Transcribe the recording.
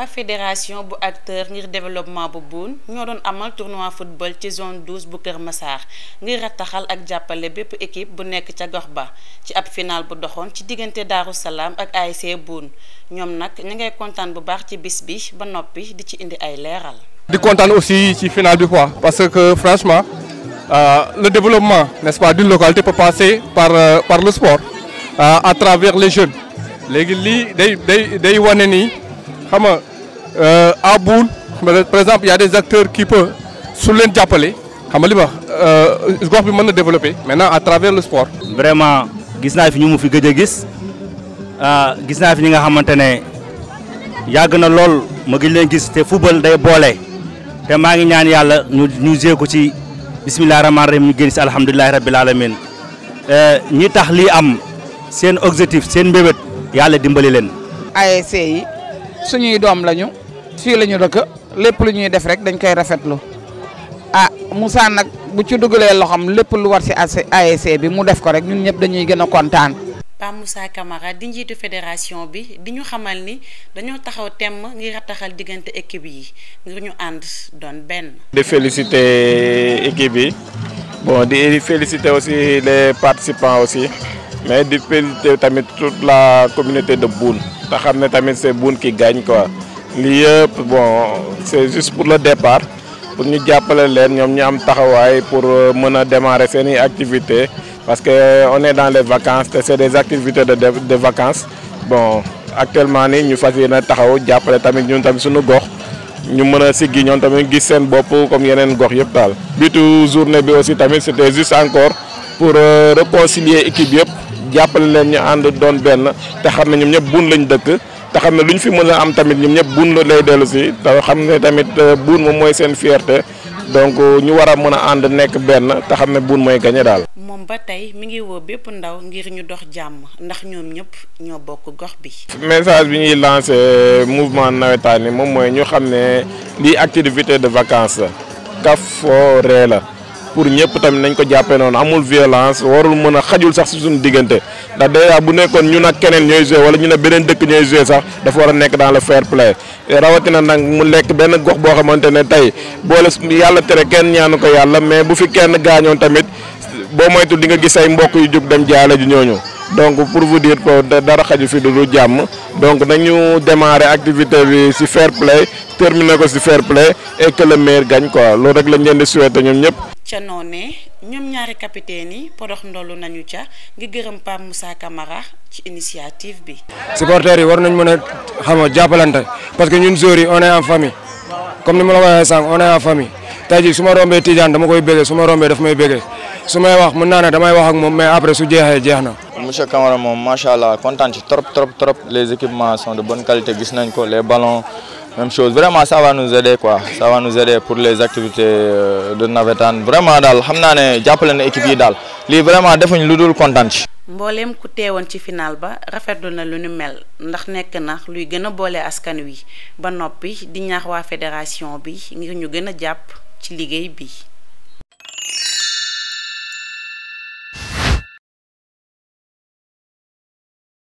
La fédération bu acteur ngir développement bu amal tournoi football ci zone 12 bu de ngir rataxal ak de équipe bu nekk la gox ci ab final bu doxoon ci la Salam ak bu baax ci bis bi ba di ci indi ay di aussi ci final quoi parce que franchement euh, le développement n'est-ce pas d'une localité peut passer par euh, par le sport euh, à travers les jeunes légui li day day day Euh, à Boune par exemple y a des acteurs qui su leen jàppale xam nga li ma euh, bi mën na mais maintenant à travers le sport. vraiment gis naa fi ñu mu fi gëj a gis ah, gis naa fi ñi nga xamante ne yàgg na lool ma gëj leen gis te football day boole te maa ngi ñaan yàlla ñu ñu ko ci bisimilah rahmaani rahim ñu génn si alhamdulilah rabil alamin euh, ñi tax li am seen objectif seen mbébét yàlla dimbali leen. suñuy doom lañu fii la ñu dëkk lépp lu ñuy def rek dañ koy rafetlu a ah, Moussa nag bu ci dugalee loxoom lépp lu war si ASC e bi mu def ko rek ñun ñëpp dañuy gën a kontaan. Pape Moussa Camara di njiitu fédération bi di ñu xamal ni dañoo taxaw temm ngir rattaxal diggante équipe yi ngir ñu ànd doon benn. di féliciter équipe yi bon di féliciter aussi les participants aussi. mais di féliciter tamit toute la communauté de Boune ta xamné tamit c'est Boune qui gagne quoi li yëpp bon c'est juste pour le départ pour ñu jàppale leen ñom ñu am taxaway pour euh, mën démarrer seeni activités parce que euh, on est dans les vacances c'est des activités de de vacances bon actuellement ni ñu fas taxaw jàppale tamit ñun tamit suñu gox ñu mën a siggi ñon tamit gis seen bop comme yenen gox yëpp daal. bitu journée bi aussi tamit c'était juste encore pour euh, réconcilier équipe yépp jàppale leen ñu ànd doon benn te xam ne ñoom ñëpp bun lañ dëkk te xam ne lu ñu fi mën a am tamit ñoom ñëpp buun la lay dellu si te xam ne tamit euh, buun moom mooy seen fierté donc ñu war a mën a ànd nekk benn te xam ne buun mooy gañe daal. moom ba tey mi ngi woo bépp ndaw ngir ñu dox jàmm ndax ñoom ñëpp ñoo bokk gox bi. message bi ñuy lancé euh, mouvement nawetaan yi moom mooy ñu xam ne lii activité de vacances la kaf foo ree la. pour ñëpp tamit nañ ko jàppee noonu amul violence warul mën a xajul sax si suñu diggante ndax déjà bu nekkoon ñu nag keneen ñooy joué wala ñu ne beneen dëkk ñooy joué sax dafa war a nekk dans le fair play rawatina nag mu lekk benn gox boo xamante ne tey boole yàlla tere kenn ñaanu ko yàlla mais bu fi kenn gaañoon tamit boo moytul di nga gis ay mbokk yu jug dem jaale ju ñooñu donc pour vous dire que dara xaju fi du jam donc nañu démarrer activité bi si fair play terminer ko si fair play et que le maire gagne quoi loolu rek lañ leen di souhaiter ñom ñep ci noné ñom ñaari capitaine yi podox ndolu nañu ca gi gërëm pa Moussa Camara ci initiative bi. supporters yi war nañ mëna a jappalante parce que ñun joueur yi on est en famille comme ni mo la ko sang on est en famille tey jii su ma rombee Tidiane dama koy bëggee su ma daf may bëggee su wax mën naa ne damay wax ak mais après su monsieur Camara moom macha allah kontaan ci trop trop trop les équipements sont de bonne qualité gis nañ ko les ballons même chose vraiment ça va nous aider quoi ça va nous aider pour les activités euh, de navétane vraiment daal xam naa ne jàppale na équipe yi daal lii vraiment defuñ lu dul kontaan ci. mbooleem ku teewoon ci final ba rafetlu na lu nu mel ndax nekk na luy gën a boole askan wi ba noppi di ñaax waa fédération bi ngir ñu gën a jàpp ci liggéey bi.